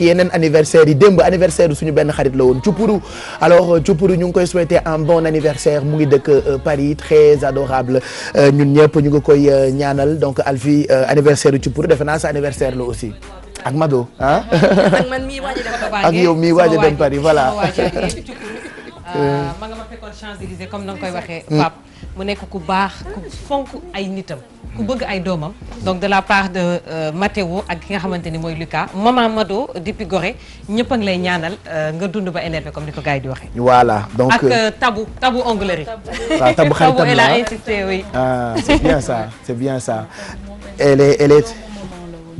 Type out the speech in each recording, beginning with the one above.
ak yeneen anniversaire yi démb anniversaire suñu benn xarit la Cuppuru alors Cuppuru euh, ñu ngi koy souhaiter un bon anniversaire mu ngi dëkk euh, Paris très adorable euh, ñun ñëpp ñu ngi koy ñaanal donc Alfi anniversaire u Cuppuru defe naa sa anniversaire la aussi ak Mado ah ak yow mii waaj a dem Paris voilà ma nga ma fekkoon mu nekk ku baax ku fonk ay nitam ku bëgg ay doomam donc de la part de euh, Mathéo ak ki nga xamante ni mooy Lucas maman Mado depuis Gorée ñëpp a lay ñaanal euh, nga dund ba énervé comme ni ko gars yi di waxee. voilà donc ak euh, tabu tabu onglerie. tabu ah, xaritam tabu elle a insisté oui. ah c'est bien ça c'est bien ça. elle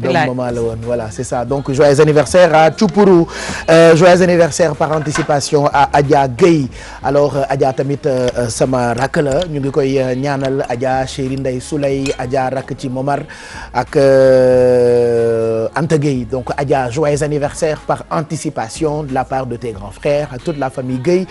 doom maman la woon voilà c'est ça donc joyeux anniversaire à Tchoupourou euh, joyeux anniversaire par anticipation à Adja Gueye alors euh, Adja tamit euh, euh, sama rakk la ñu ngi koy ñaanal Adja Chéri Ndeye Souley Adja rakk ci Momar ak Anta Gueye donc Adja joyeux anniversaire par anticipation de la part de tes grands frères à toute la famille Gueye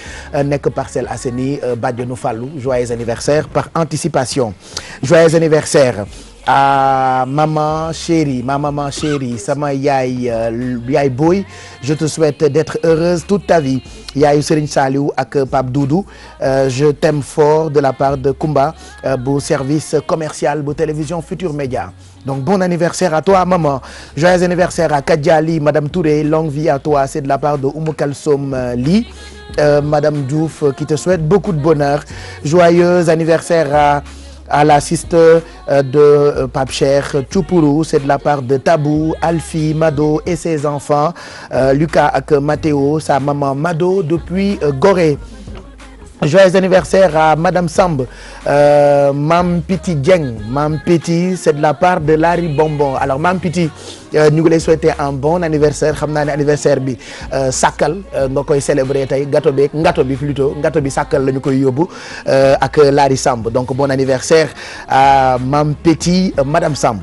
nekk Parcelles Assainies Badianou Fallou joyeux anniversaire par anticipation joyeux anniversaire à maman chérie ma maman chérie sama yaay euh, yaay booy je te souhaite d'être heureuse toute ta vie yaayu Serigne Saliou ak Pape Doudou euh, je t'aime fort de la part de Koumba euh, bu service commercial bu télévision Futur Média donc bon anniversaire à toi maman joyeux anniversaire à Kadjali madame Touré longue vie à toi c'est de la part de Oumou Kalsom Li euh, madame Diouf qui te souhaite beaucoup de bonheur joyeux anniversaire à à la sister euh, de euh, Pape Cheikh euh, Tchoupourou c'est de la part de Tabou Alfie Mado et ses enfants Lucas ak Mathéo sa maman Mado depuis Gorée joyeux anniversaire à madame Samb euh, Mam jeng Dieng Mam Piti c'est de la part de Larry Bonbon alors Mam Piti euh, ñu ngi lay souhaiter un bon anniversaire xam naa ne anniversaire bi euh, sàkkal euh, nga koy célébrer tey gâteau beeg ngato bi plutôt ngato bi sàkkal lañu koy yóbbu ak Larry Samb donc bon anniversaire à Mam Piti euh, madame Samb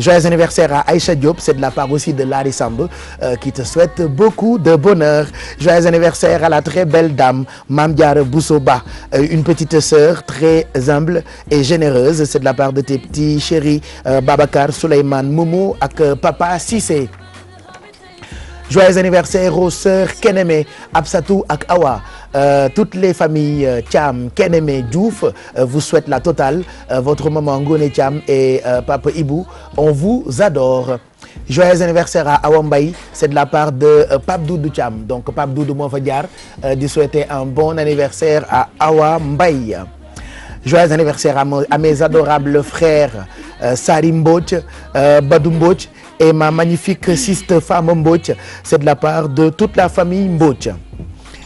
Joyeux anniversaire à Aïcha Diop, c'est de la part aussi de Larry Samb euh, qui te souhaite beaucoup de bonheur. Joyeux anniversaire à la très belle dame Mame Diarra Ba, euh, une petite sœur très humble et généreuse, c'est de la part de tes petits chéris euh, Babacar, Souleymane, ak euh, papa Cissé. Joyeux anniversaire aux sœurs Kenemé, Absatou ak Awa. Euh, toutes les familles euh, Thiam Kenemé Diouf euh, vous souhaitent la totale votre maman Ngoné Thiam et papa Ibou on vous adore joyeux anniversaire à Awa Mbaye c'est de la part de Pape Doudou Thiam donc Pape Doudou moo fa souhaiter un bon anniversaire à Awa Mbaye joyeux anniversaire à, à mes adorables frères euh, Sari Mbodj euh, Badou Mbodj et ma magnifique sister femme Mbodj c'est de la part de toute la famille Mbodj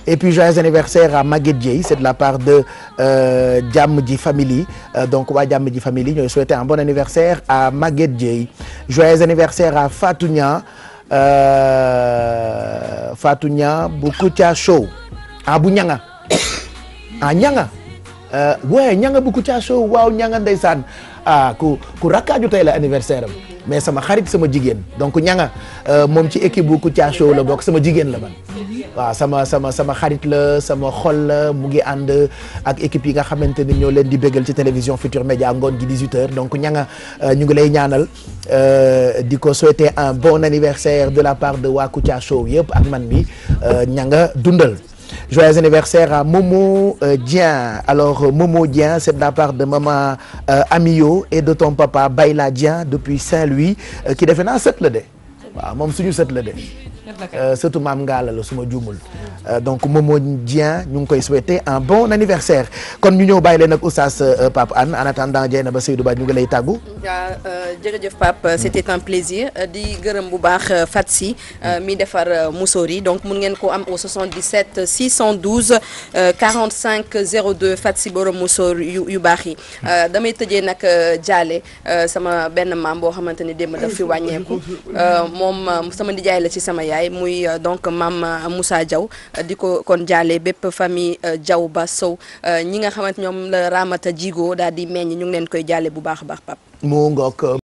et puis joyeux anniversaire à Maguette Dieye c'est de la part de euh, Jàmm Ji Family euh, donc waa Jàmm Ji Family ñooy souhaiter un bon anniversaire à Maguette Dieye joyeux anniversaire à Fatou Nia euh, Fatou Nia bu Kouthia Show ah bu ñanga ah ñanga waaye euh, ñanga bu Kouthia Show waaw ñanga ndeysaan ah ku ku rakkaaju tey la anniversaire am mais sama xarit sama jigéen donc ñanga euh, moom ci équipe bu Kouthia Show la bokk sama jigéen la man waaw sama sama sama xarit la sama xol la mu ngi ànd ak équipe yi nga xamante ni ñoo leen di bégal ci télévision Futur Média ngoon gi 18h donc ña nga euh, ñu ngi lay ñaanal euh, di ko souhaiter un bon anniversaire de la part de waa Kouthia Show yëpp ak man mi euh, ña nga dundal. joyeux anniversaire à Momo euh, Dieng alors Momo Dieng c'est de la part de maman euh, Amio et de ton papa Bayla Dieng depuis Saint-Louis euh, defe naa sët la de waaw moom suñu sët la de. Euh, surtout maam Ngalla la su ma juumul euh, donc Momo Dieng ñu ngi koy souhaiter un bon anniversaire kon ñu ñëw bàyyi leen ak oustaz euh, Pape Anne en attendant Dieynaba Seydou Ba ñu ngi lay tàggu waaw jërëjëf Pape c'était un plaisir di gërëm bu baax Fat Si mi defar musóor yi donc mun ngeen ko am au 77 612 45 02 Fat Si borom musóor yu yu baax yi damay tëjee nag jaale sama benn maam boo xamante ni démb daf fi wàññeeku moom sama nijaay la ci sama yaay yaay muy euh, donc maam euh, Moussa jaw euh, di ko kon jaale bépp famille jaw ba Sow ñi nga xamante ñoom la Ramata Jigo daal di meññ ñu ngi leen koy jaale bu baax a baax Pape.